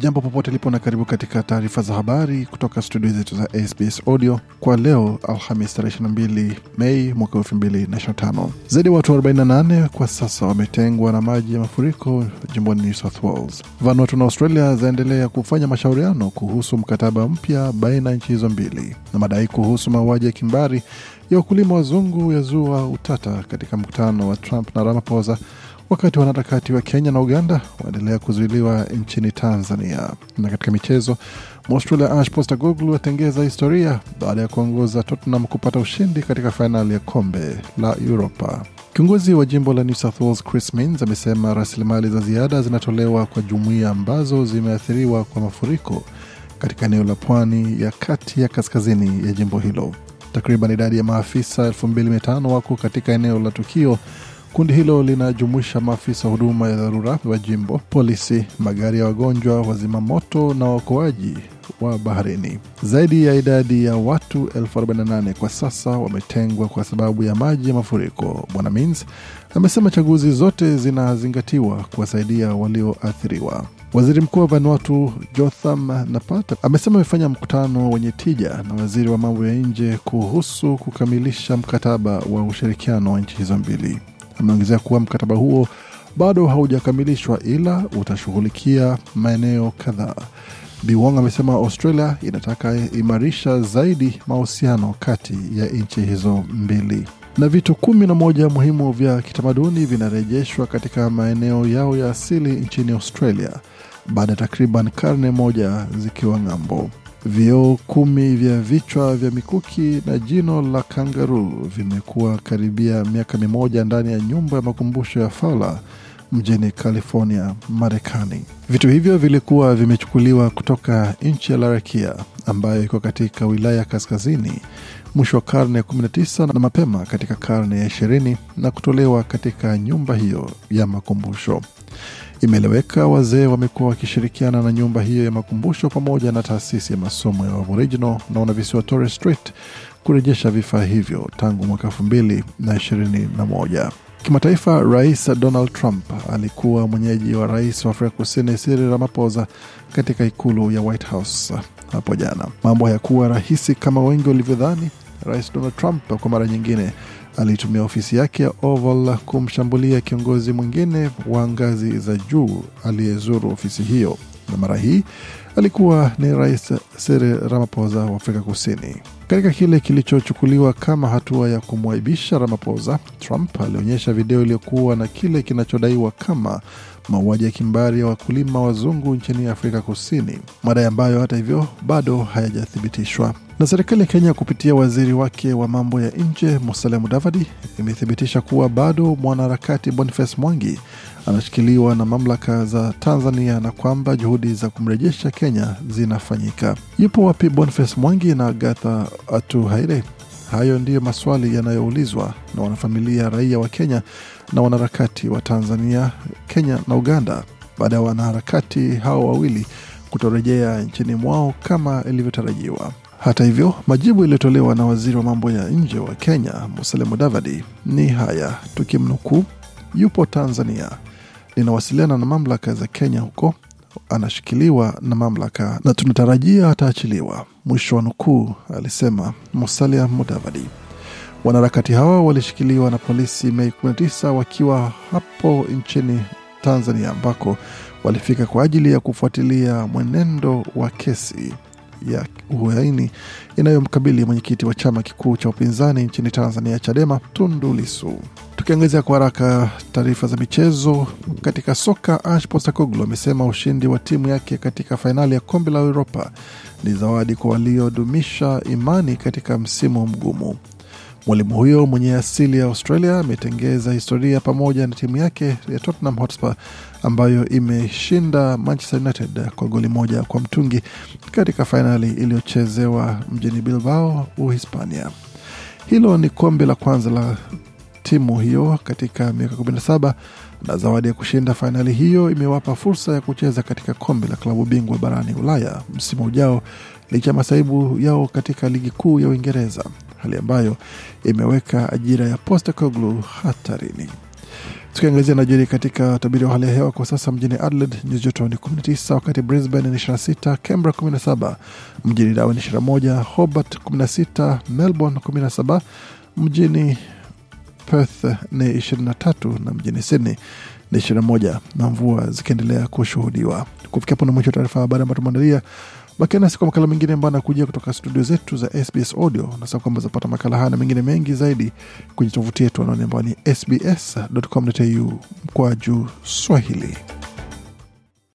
Jambo popote lipo na karibu katika taarifa za habari kutoka studio zetu za SBS Audio kwa leo Alhamis 22 Mei mwaka 2025. Zaidi ya watu 48 kwa sasa wametengwa na maji ya mafuriko jimboni New South Wales. Vanuatu na Australia zaendelea kufanya mashauriano kuhusu mkataba mpya baina ya nchi hizo mbili, na madai kuhusu mauaji ya kimbari ya wakulima wazungu yazua utata katika mkutano wa Trump na Ramaphosa Wakati wanaharakati wa Kenya na Uganda waendelea kuzuiliwa nchini Tanzania. Na katika michezo, Mwaustralia Ash Postecoglou atengeza historia baada ya kuongoza Tottenham kupata ushindi katika fainali ya kombe la uropa Kiongozi wa jimbo la New South Wales Chris Minns amesema rasilimali za ziada zinatolewa kwa jumuiya ambazo zimeathiriwa kwa mafuriko katika eneo la pwani ya kati ya kaskazini ya jimbo hilo. Takriban idadi ya maafisa 2500 wako katika eneo la tukio Kundi hilo linajumuisha maafisa wa huduma ya dharura wa jimbo, polisi, magari ya wagonjwa, wazimamoto na waokoaji wa baharini. Zaidi ya idadi ya watu elfu 48 kwa sasa wametengwa kwa sababu ya maji ya mafuriko. Bwana Mins amesema chaguzi zote zinazingatiwa kuwasaidia walioathiriwa. Waziri mkuu wa Vanuatu Jotham Napata amesema amefanya mkutano wenye tija na waziri wa mambo ya nje kuhusu kukamilisha mkataba wa ushirikiano wa nchi hizo mbili. Ameongezea kuwa mkataba huo bado haujakamilishwa ila utashughulikia maeneo kadhaa. Biwong amesema Australia inataka imarisha zaidi mahusiano kati ya nchi hizo mbili. Na vitu kumi na moja muhimu vya kitamaduni vinarejeshwa katika maeneo yao ya asili nchini Australia baada ya takriban karne moja zikiwa ng'ambo. Vioo kumi vya vichwa vya mikuki na jino la kangaru vimekuwa karibia miaka mimoja ndani ya nyumba ya makumbusho ya Fowler mjini California, Marekani. Vitu hivyo vilikuwa vimechukuliwa kutoka nchi ya Larakia ambayo iko katika wilaya kaskazini mwisho wa karne ya 19 na mapema katika karne ya 20 na kutolewa katika nyumba hiyo ya makumbusho. Imeeleweka wazee wamekuwa wakishirikiana na nyumba hiyo ya makumbusho pamoja na taasisi ya masomo ya Aboriginal na wanavisiwa Torres Strait kurejesha vifaa hivyo tangu mwaka elfu mbili na ishirini na moja. Kimataifa, Rais Donald Trump alikuwa mwenyeji wa rais wa Afrika Kusini Cyril Ramaphosa katika ikulu ya White House hapo jana. Mambo hayakuwa rahisi kama wengi walivyodhani. Rais Donald Trump kwa mara nyingine alitumia ofisi yake ya Oval kumshambulia kiongozi mwingine wa ngazi za juu aliyezuru ofisi hiyo, na mara hii alikuwa ni Rais Cyril Ramaphosa wa Afrika Kusini. Katika kile kilichochukuliwa kama hatua ya kumwaibisha Ramaphosa, Trump alionyesha video iliyokuwa na kile kinachodaiwa kama mauaji ya kimbari ya wakulima wazungu nchini Afrika Kusini, madai ambayo hata hivyo bado hayajathibitishwa. Na serikali ya Kenya kupitia waziri wake wa mambo ya nje Musalia Mudavadi imethibitisha kuwa bado mwanaharakati Boniface Mwangi anashikiliwa na mamlaka za Tanzania na kwamba juhudi za kumrejesha Kenya Kenya zinafanyika. Yupo wapi Boniface Mwangi na Agatha Atuhaire? Hayo ndiyo maswali yanayoulizwa na wanafamilia raia wa Kenya na wanaharakati wa Tanzania, Kenya na Uganda baada ya wanaharakati hao wawili kutorejea nchini mwao kama ilivyotarajiwa. Hata hivyo, majibu yaliyotolewa na waziri wa mambo ya nje wa Kenya Musalia Mudavadi ni haya, tukimnukuu: yupo Tanzania, ninawasiliana na mamlaka za Kenya huko anashikiliwa na mamlaka na tunatarajia ataachiliwa, mwisho wa nukuu, alisema Musalia Mudavadi. Wanaharakati hawa walishikiliwa na polisi Mei 19 wakiwa hapo nchini Tanzania, ambako walifika kwa ajili ya kufuatilia mwenendo wa kesi ya uhaini inayomkabili mwenyekiti wa chama kikuu cha upinzani nchini Tanzania, Chadema, Tundu Lissu. Tukiangazia kwa haraka taarifa za michezo katika soka, Ange Postecoglou amesema ushindi wa timu yake katika fainali ya kombe la Uropa ni zawadi kwa waliodumisha imani katika msimu mgumu. Mwalimu huyo mwenye asili ya Australia ametengeza historia pamoja na timu yake ya Tottenham Hotspur ambayo imeshinda Manchester United kwa goli moja kwa mtungi katika fainali iliyochezewa mjini Bilbao, Uhispania. Hilo ni kombe la kwanza la timu hiyo katika miaka 17 na zawadi ya kushinda fainali hiyo imewapa fursa ya kucheza katika kombe la klabu bingwa barani Ulaya msimu ujao licha ya masaibu yao katika ligi kuu ya Uingereza, hali ambayo imeweka ajira ya Postecoglou hatarini. Tukiangazia najiri katika utabiri wa hali ya hewa kwa sasa, mjini Adelaide nyuzi joto ni 19, wakati Brisbane ni 26, Canberra 17, mjini Darwin 21, Hobart 16, Melbourne 17, mjini Perth ni 23 na mjini Sydney ni 21 na mvua zikiendelea kushuhudiwa. Kufikia hapo na mwisho taarifa ya habari ambayo tumeandalia. Bakia nasi kwa makala mengine ambayo anakujia kutoka studio zetu za SBS Audio. na sasa kwamba zapata makala haya na mengine mengi zaidi kwenye tovuti yetu anaoni ambayo ni sbs.com.au juu Swahili.